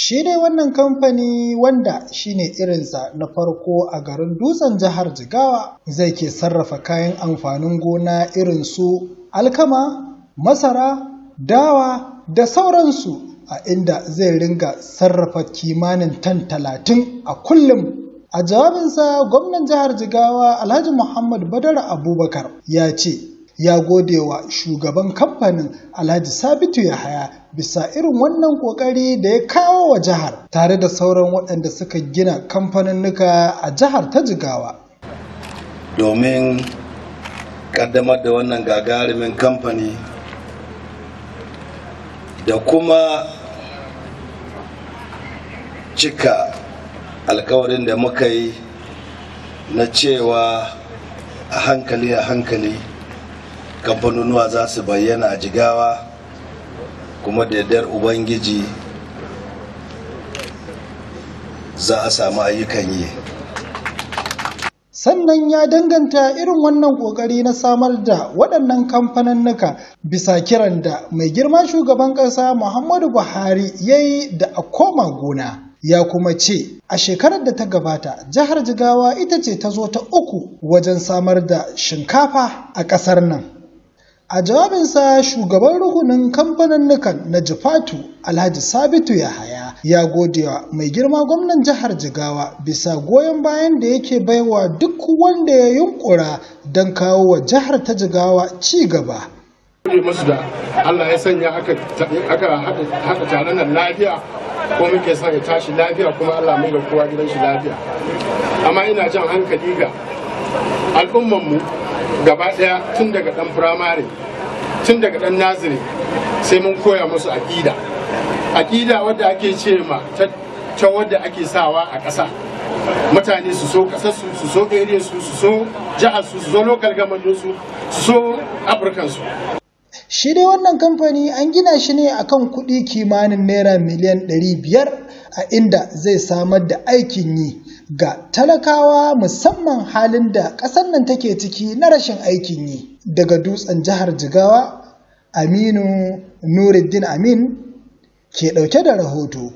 Shi dai wannan kamfani wanda shi ne irinsa na farko a garin dutsen jihar Jigawa zai ke sarrafa kayan amfanin gona irin su alkama, masara, dawa da sauransu a inda zai ringa sarrafa kimanin tan talatin a kullum A jawabinsa gwamnan jihar Jigawa Alhaji Muhammad Badar Abubakar ya ce, ya gode wa shugaban kamfanin Alhaji Sabitu Yahaya bisa irin wannan kokari da ya kawo wa jihar tare da sauran waɗanda suka gina kamfanin nuka a jihar ta Jigawa. Domin kaddamar da wannan gagarumin kamfani da kuma cika alkawarin da muka yi na cewa a hankali a hankali kamfanonuwa za su bayyana a jigawa kuma da ubangiji za a samu ayyukan yi sannan ya danganta irin wannan kokari na samar da waɗannan kamfanannuka bisa kiran da mai girma shugaban ƙasa muhammadu buhari ya yi da a koma gona ya kuma ce a shekarar da ta gabata jihar jigawa ita ce ta zo ta uku wajen samar da shinkafa a ƙasar nan A jawabinsa shugaban rukunin kamfanin NUKAN na Jifatu Alhaji Sabitu Yahaya ya gode wa mai girma gwamnan jihar Jigawa bisa goyon bayan da yake baiwa duk wanda ya yunkura don kawo wa jihar ta Jigawa ci gaba. musu da Allah ya sanya aka lafiya ko muke tashi lafiya kuma Allah mai kowa gidan shi lafiya amma ina jan hankali ga al'ummanmu gaba ɗaya tun daga ɗan firamare tun daga ɗan naziri sai mun koya musu aƙida aƙida wadda ake ce ma ta wadda ake sawa a ƙasa mutane su so ƙasarsu su so area su su so jihar su su so local government su su so afirkan su shi dai wannan kamfani an gina shi ne akan kuɗi kimanin naira miliyan 500 a inda zai samar da aikin yi ga talakawa musamman halin da ƙasar nan take ciki na rashin aikin yi daga dutsen jihar jigawa aminu nuruddin amin ke ɗauke da rahoto